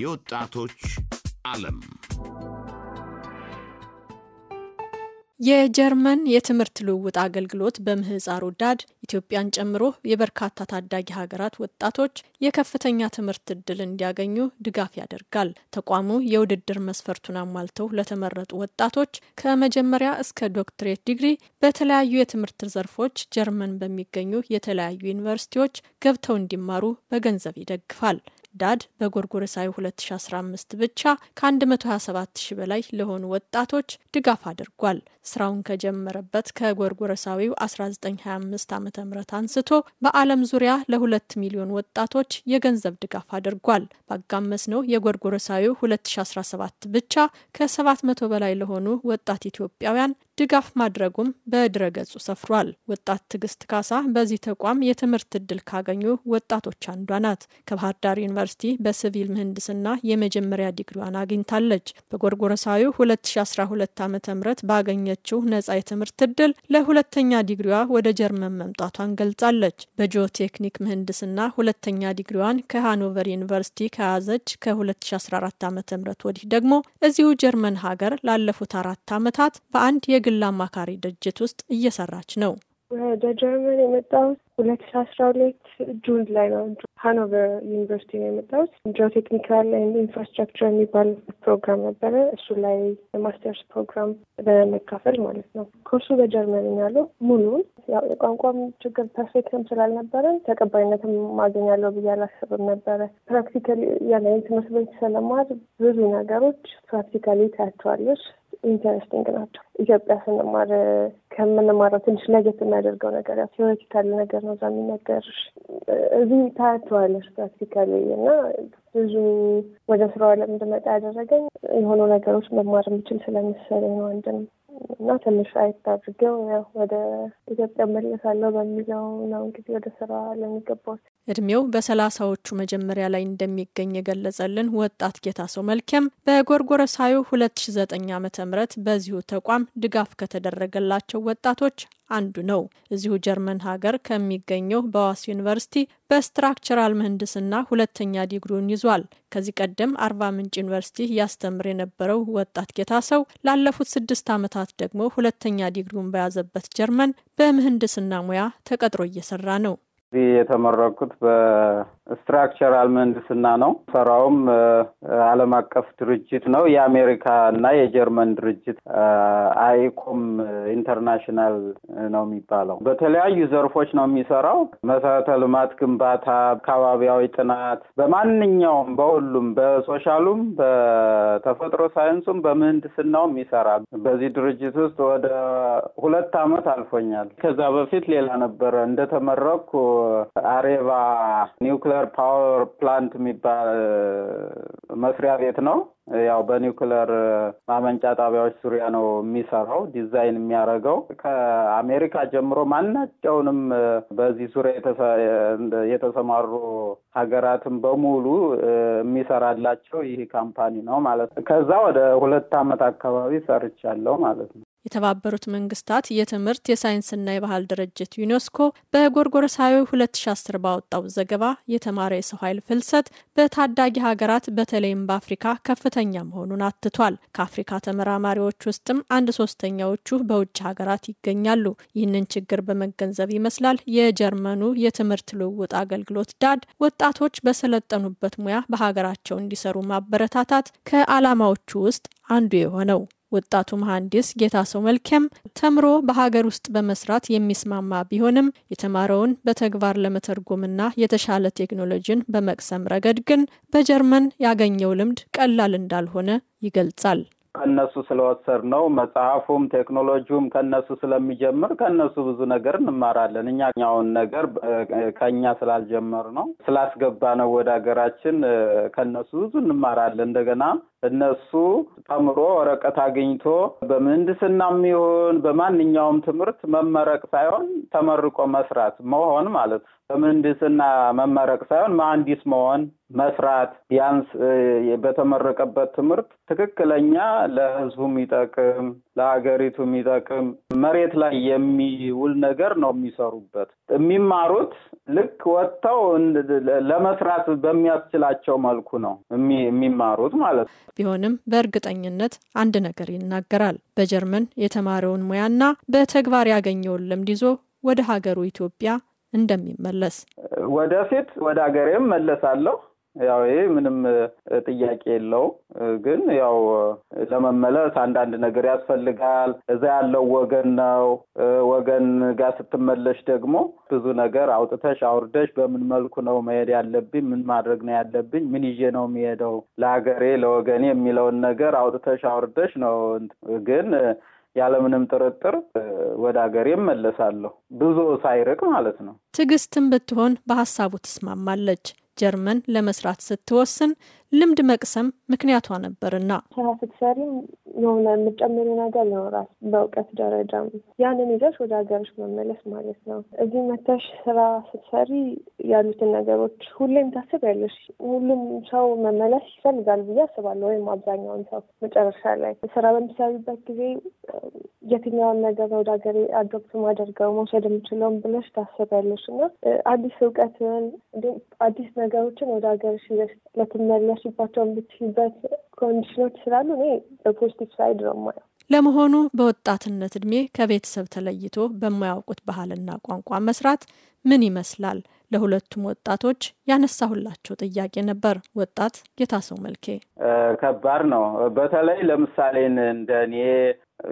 የወጣቶች ዓለም የጀርመን የትምህርት ልውውጥ አገልግሎት በምህፃሩ ዳድ ኢትዮጵያን ጨምሮ የበርካታ ታዳጊ ሀገራት ወጣቶች የከፍተኛ ትምህርት እድል እንዲያገኙ ድጋፍ ያደርጋል። ተቋሙ የውድድር መስፈርቱን አሟልተው ለተመረጡ ወጣቶች ከመጀመሪያ እስከ ዶክትሬት ዲግሪ በተለያዩ የትምህርት ዘርፎች ጀርመን በሚገኙ የተለያዩ ዩኒቨርሲቲዎች ገብተው እንዲማሩ በገንዘብ ይደግፋል። ዳድ በጎርጎረሳዊ 2015 ብቻ ከ127 ሺ በላይ ለሆኑ ወጣቶች ድጋፍ አድርጓል። ስራውን ከጀመረበት ከጎርጎረሳዊው 1925 ዓ ም አንስቶ በዓለም ዙሪያ ለ2 ሚሊዮን ወጣቶች የገንዘብ ድጋፍ አድርጓል። ባጋመስ ነው የጎርጎረሳዊው 2017 ብቻ ከ700 በላይ ለሆኑ ወጣት ኢትዮጵያውያን ድጋፍ ማድረጉም በድረገጹ ሰፍሯል። ወጣት ትዕግስት ካሳ በዚህ ተቋም የትምህርት እድል ካገኙ ወጣቶች አንዷ ናት። ከባህር ዳር ዩኒቨርሲቲ በሲቪል ምህንድስና የመጀመሪያ ዲግሪዋን አግኝታለች። በጎርጎረሳዊ 2012 ዓ ም ባገኘችው ነጻ የትምህርት እድል ለሁለተኛ ዲግሪዋ ወደ ጀርመን መምጣቷን ገልጻለች። በጂኦቴክኒክ ምህንድስና ሁለተኛ ዲግሪዋን ከሃኖቨር ዩኒቨርሲቲ ከያዘች ከ2014 ዓ ም ወዲህ ደግሞ እዚሁ ጀርመን ሀገር ላለፉት አራት ዓመታት በአንድ የ የግል አማካሪ ድርጅት ውስጥ እየሰራች ነው። ወደ ጀርመን የመጣሁት ሁለት ሺ አስራ ሁለት ጁን ላይ ነው። ሃኖቨር ዩኒቨርሲቲ ነው የመጣሁት። ጂኦ ቴክኒካል ኢንፍራስትራክቸር የሚባል ፕሮግራም ነበረ። እሱ ላይ የማስተርስ ፕሮግራም በመካፈል ማለት ነው። ኮርሱ በጀርመን ያለው ሙሉን ያው የቋንቋም ችግር ፐርፌክትም ስላልነበረ ተቀባይነትም ማገኛለው ብዬ አላስብም ነበረ። ፕራክቲካሊ ያለ ትምህርት ቤት ስለማር ብዙ ነገሮች ፕራክቲካሊ ታያቸዋለች ኢንተረስቲንግ ናቸው። ኢትዮጵያ ስንማር ከምንማረው ትንሽ ለየት የሚያደርገው ነገር ያው ቴዎሬቲካል ነገር ነው እዛ የሚነገርሽ፣ እዚህ ታያቸዋለች ፕራክቲካሊ እና ብዙ ወደ ስራው ዓለም እንድመጣ ያደረገኝ የሆኑ ነገሮች መማር የምችል ስለመሰለኝ ነው አንድም እና ትንሽ አየት አድርገው ያው ወደ ኢትዮጵያ መለሳለሁ በሚለው ነው እንግዲህ ወደ ስራ ለሚገባት እድሜው በሰላሳዎቹ መጀመሪያ ላይ እንደሚገኝ የገለጸልን ወጣት ጌታ ሰው መልኬም በጎርጎረሳዩ 2009 ዓ ም በዚሁ ተቋም ድጋፍ ከተደረገላቸው ወጣቶች አንዱ ነው። እዚሁ ጀርመን ሀገር ከሚገኘው በዋስ ዩኒቨርሲቲ በስትራክቸራል ምህንድስና ሁለተኛ ዲግሪውን ይዟል። ከዚህ ቀደም አርባ ምንጭ ዩኒቨርሲቲ ያስተምር የነበረው ወጣት ጌታ ሰው ላለፉት ስድስት ዓመታት ደግሞ ሁለተኛ ዲግሪውን በያዘበት ጀርመን በምህንድስና ሙያ ተቀጥሮ እየሰራ ነው። እዚህ የተመረኩት በስትራክቸራል ምህንድስና ነው። ሰራውም ዓለም አቀፍ ድርጅት ነው። የአሜሪካ እና የጀርመን ድርጅት አይኮም ኢንተርናሽናል ነው የሚባለው። በተለያዩ ዘርፎች ነው የሚሰራው። መሰረተ ልማት ግንባታ፣ አካባቢያዊ ጥናት፣ በማንኛውም በሁሉም በሶሻሉም፣ በተፈጥሮ ሳይንሱም፣ በምህንድስናውም ይሰራ በዚህ ድርጅት ውስጥ ወደ ሁለት አመት አልፎኛል። ከዛ በፊት ሌላ ነበረ እንደተመረኩ አሬቫ ኒውክሌር ፓወር ፕላንት የሚባል መስሪያ ቤት ነው። ያው በኒውክለር ማመንጫ ጣቢያዎች ዙሪያ ነው የሚሰራው፣ ዲዛይን የሚያደርገው ከአሜሪካ ጀምሮ ማናቸውንም በዚህ ዙሪያ የተሰማሩ ሀገራትን በሙሉ የሚሰራላቸው ይህ ካምፓኒ ነው ማለት ነው። ከዛ ወደ ሁለት ዓመት አካባቢ ሰርቻለሁ ማለት ነው። የተባበሩት መንግስታት የትምህርት የሳይንስና የባህል ድርጅት ዩኔስኮ በጎርጎረሳዊ 2010 ባወጣው ዘገባ የተማረ የሰው ኃይል ፍልሰት በታዳጊ ሀገራት በተለይም በአፍሪካ ከፍተኛ መሆኑን አትቷል። ከአፍሪካ ተመራማሪዎች ውስጥም አንድ ሶስተኛዎቹ በውጭ ሀገራት ይገኛሉ። ይህንን ችግር በመገንዘብ ይመስላል የጀርመኑ የትምህርት ልውውጥ አገልግሎት ዳድ ወጣቶች በሰለጠኑበት ሙያ በሀገራቸው እንዲሰሩ ማበረታታት ከዓላማዎቹ ውስጥ አንዱ የሆነው ወጣቱ መሐንዲስ ሰው መልከም ተምሮ በሀገር ውስጥ በመስራት የሚስማማ ቢሆንም የተማረውን በተግባር ለመተርጎምና የተሻለ ቴክኖሎጂን በመቅሰም ረገድ ግን በጀርመን ያገኘው ልምድ ቀላል እንዳልሆነ ይገልጻል። ከነሱ ስለወሰድ ነው። መጽሐፉም ቴክኖሎጂውም ከነሱ ስለሚጀምር ከነሱ ብዙ ነገር እንማራለን። እኛኛውን ነገር ከኛ ስላልጀመር ነው ስላስገባ ነው ወደ ሀገራችን ከነሱ ብዙ እንማራለን። እንደገና እነሱ ተምሮ ወረቀት አግኝቶ በምህንድስና የሚሆን በማንኛውም ትምህርት መመረቅ ሳይሆን ተመርቆ መስራት መሆን ማለት ነው። በምህንድስና መመረቅ ሳይሆን መሀንዲስ መሆን መስራት ቢያንስ በተመረቀበት ትምህርት ትክክለኛ ለህዝቡ የሚጠቅም ለሀገሪቱ የሚጠቅም መሬት ላይ የሚውል ነገር ነው የሚሰሩበት። የሚማሩት ልክ ወጥተው ለመስራት በሚያስችላቸው መልኩ ነው የሚማሩት ማለት ነው። ቢሆንም በእርግጠኝነት አንድ ነገር ይናገራል። በጀርመን የተማረውን ሙያና በተግባር ያገኘውን ልምድ ይዞ ወደ ሀገሩ ኢትዮጵያ እንደሚመለስ ወደፊት ወደ ሀገሬም መለሳለሁ። ያው ይሄ ምንም ጥያቄ የለው። ግን ያው ለመመለስ አንዳንድ ነገር ያስፈልጋል። እዛ ያለው ወገን ነው። ወገን ጋር ስትመለሽ ደግሞ ብዙ ነገር አውጥተሽ አውርደሽ በምን መልኩ ነው መሄድ ያለብኝ፣ ምን ማድረግ ነው ያለብኝ፣ ምን ይዤ ነው የሚሄደው ለሀገሬ ለወገኔ የሚለውን ነገር አውጥተሽ አውርደሽ ነው ግን ያለምንም ጥርጥር ወደ ሀገሬ እመለሳለሁ ብዙ ሳይርቅ ማለት ነው። ትዕግስትም ብትሆን በሀሳቡ ትስማማለች። ጀርመን ለመስራት ስትወስን ልምድ መቅሰም ምክንያቷ ነበርና ስራ ስትሰሪም የሆነ የምጨምሩ ነገር ይኖራል። በእውቀት ደረጃም ያንን ይዘሽ ወደ ሀገርሽ መመለስ ማለት ነው። እዚህ መተሽ ስራ ስትሰሪ ያሉትን ነገሮች ሁሌም ታስቢያለሽ። ሁሉም ሰው መመለስ ይፈልጋል ብዬ አስባለሁ። ወይም አብዛኛውን ሰው መጨረሻ ላይ ስራ በሚሰሩበት ጊዜ የትኛውን ነገር ወደ ሀገር አዶፕት ማደርገው መውሰድ የምችለውን ብለሽ ታስቢያለሽ እና አዲስ እውቀትን አዲስ ነገሮችን ወደ ሀገርሽ ይዘሽ ለትመለሽ ልደርስባቸው የምትችልበት ኮንዲሽኖች ስላሉ እኔ በፖዚቲቭ ሳይድ ነው የማየው። ለመሆኑ በወጣትነት እድሜ ከቤተሰብ ተለይቶ በማያውቁት ባህልና ቋንቋ መስራት ምን ይመስላል? ለሁለቱም ወጣቶች ያነሳሁላቸው ጥያቄ ነበር። ወጣት ጌታሰው መልኬ፣ ከባድ ነው። በተለይ ለምሳሌ እንደ እኔ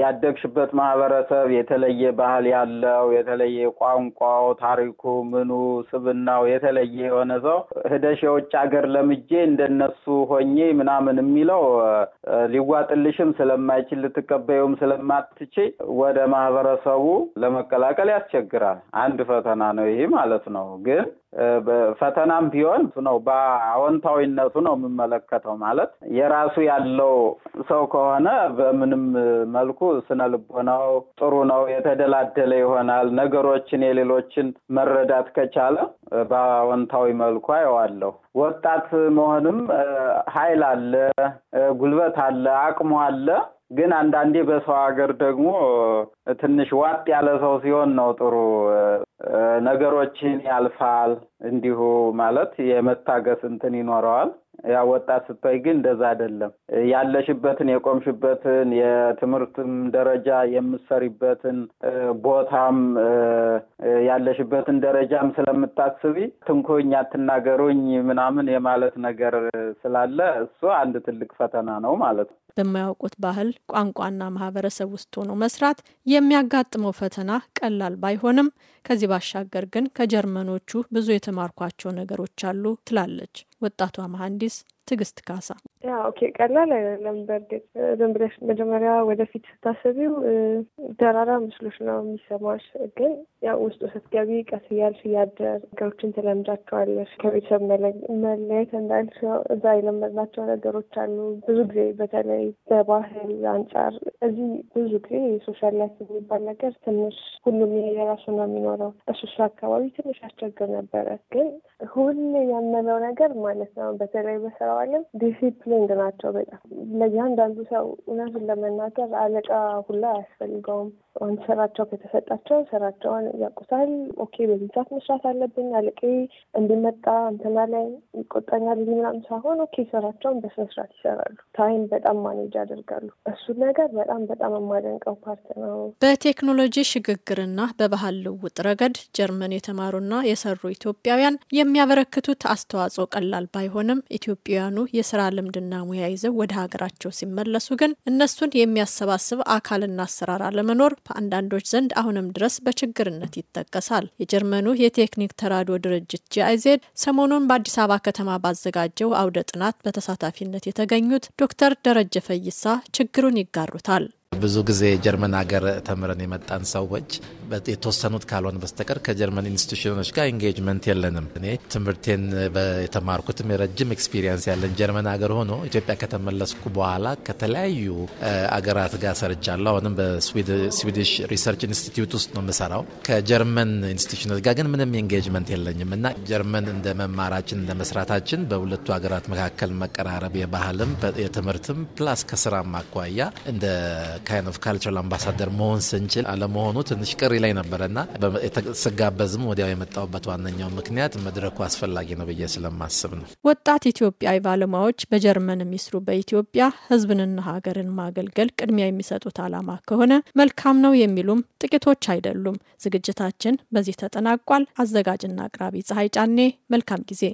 ያደግሽበት ማህበረሰብ የተለየ ባህል ያለው የተለየ ቋንቋው፣ ታሪኩ፣ ምኑ ስብናው የተለየ የሆነ ሰው ህደሽ የውጭ ሀገር ለምጄ እንደነሱ ሆኜ ምናምን የሚለው ሊዋጥልሽም ስለማይችል ልትቀበዩም ስለማትች ወደ ማህበረሰቡ ለመቀላቀል ያስቸግራል። አንድ ፈተና ነው ይሄ ማለት ነው። ግን ፈተናም ቢሆን ነው በአዎንታዊነቱ ነው የምመለከተው። ማለት የራሱ ያለው ሰው ከሆነ በምንም መልኩ ስነ ልቦናው ጥሩ ነው፣ የተደላደለ ይሆናል። ነገሮችን የሌሎችን መረዳት ከቻለ በአዎንታዊ መልኩ አየዋለሁ። ወጣት መሆንም ኃይል አለ፣ ጉልበት አለ፣ አቅሙ አለ። ግን አንዳንዴ በሰው ሀገር ደግሞ ትንሽ ዋጥ ያለ ሰው ሲሆን ነው ጥሩ ነገሮችን ያልፋል። እንዲሁ ማለት የመታገስ እንትን ይኖረዋል። ያ ወጣት ስታይ ግን እንደዛ አይደለም። ያለሽበትን፣ የቆምሽበትን፣ የትምህርትም ደረጃ የምትሰሪበትን ቦታም ያለሽበትን ደረጃም ስለምታስቢ ትንኮኝ፣ አትናገሩኝ ምናምን የማለት ነገር ስላለ እሱ አንድ ትልቅ ፈተና ነው ማለት ነው። በማያውቁት ባህል፣ ቋንቋና ማህበረሰብ ውስጥ ሆኖ መስራት የሚያጋጥመው ፈተና ቀላል ባይሆንም ከዚህ ባሻገር ግን ከጀርመኖቹ ብዙ የተማርኳቸው ነገሮች አሉ ትላለች። ወጣቷ መሀንዲስ ትዕግስት ካሳ ኦኬ ቀላል አይደለም። በእርግጥ ዝም ብለሽ መጀመሪያ ወደፊት ስታስቢው ደራራ ምስሎች ነው የሚሰማሽ። ግን ያው ውስጡ ስትገቢ ቀስ እያልሽ እያደር ነገሮችን ትለምጃቸዋለሽ። ከቤተሰብ መለየት እንዳልሽ እዛ የለመድናቸው ነገሮች አሉ። ብዙ ጊዜ በተለይ በባህል አንጻር እዚህ ብዙ ጊዜ የሶሻል ላይፍ የሚባል ነገር ትንሽ ሁሉም የራሱ ነው የሚኖረው። እሱሱ አካባቢ ትንሽ አስቸግር ነበረ። ግን ሁል ያመነው ነገር ማለት ነው በተለይ በስራው ዓለም ዲሲፕሊንድ ናቸው በጣም ለእያንዳንዱ ሰው እውነቱን ለመናገር አለቃ ሁላ አያስፈልገውም። አሁን ስራቸው ከተሰጣቸው ስራቸውን ያውቁታል። ኦኬ በዚህ ሰዓት መስራት አለብኝ አለቄ እንዲመጣ እንትና ላይ ይቆጠኛል ምናምን ሳይሆን ኦኬ ስራቸውን በስነስርዓት ይሰራሉ። ታይም በጣም ማኔጅ ያደርጋሉ። እሱ ነገር በጣም በጣም በጣም የማደንቀው ፓርት ነው። በቴክኖሎጂ ሽግግርና በባህል ልውጥ ረገድ ጀርመን የተማሩና የሰሩ ኢትዮጵያውያን የሚያበረክቱት አስተዋጽኦ ቀላል ባይሆንም ኢትዮጵያውያኑ የስራ ልምድና ሙያ ይዘው ወደ ሀገራቸው ሲመለሱ ግን እነሱን የሚያሰባስብ አካልና አሰራር አለመኖር በአንዳንዶች ዘንድ አሁንም ድረስ በችግርነት ይጠቀሳል። የጀርመኑ የቴክኒክ ተራድኦ ድርጅት ጂአይዜድ ሰሞኑን በአዲስ አበባ ከተማ ባዘጋጀው አውደ ጥናት በተሳታፊነት የተገኙት ዶክተር ደረጀ ፈይሳ ችግሩን ይጋሩታል። ብዙ ጊዜ ጀርመን ሀገር ተምረን የመጣን ሰዎች የተወሰኑት ካልሆን በስተቀር ከጀርመን ኢንስቲቱሽኖች ጋር ኢንጌጅመንት የለንም። እኔ ትምህርቴን የተማርኩትም የረጅም ኤክስፒሪየንስ ያለን ጀርመን ሀገር ሆኖ ኢትዮጵያ ከተመለስኩ በኋላ ከተለያዩ አገራት ጋር ሰርቻለሁ። አሁንም በስዊዲሽ ሪሰርች ኢንስቲትዩት ውስጥ ነው የምሰራው። ከጀርመን ኢንስቲቱሽኖች ጋር ግን ምንም ኢንጌጅመንት የለኝም እና ጀርመን እንደ መማራችን እንደ መስራታችን በሁለቱ ሀገራት መካከል መቀራረብ የባህልም የትምህርትም ፕላስ ከስራም አኳያ እንደ ካይን ኦፍ ካልቸራል አምባሳደር መሆን ስንችል አለመሆኑ ትንሽ ቅር ላይ ነበረና የተጋበዝም ወዲያው የመጣውበት ዋነኛው ምክንያት መድረኩ አስፈላጊ ነው ብዬ ስለማስብ ነው። ወጣት ኢትዮጵያዊ ባለሙያዎች በጀርመን የሚስሩ በኢትዮጵያ ህዝብንና ሀገርን ማገልገል ቅድሚያ የሚሰጡት ዓላማ ከሆነ መልካም ነው የሚሉም ጥቂቶች አይደሉም። ዝግጅታችን በዚህ ተጠናቋል። አዘጋጅና አቅራቢ ፀሐይ ጫኔ። መልካም ጊዜ።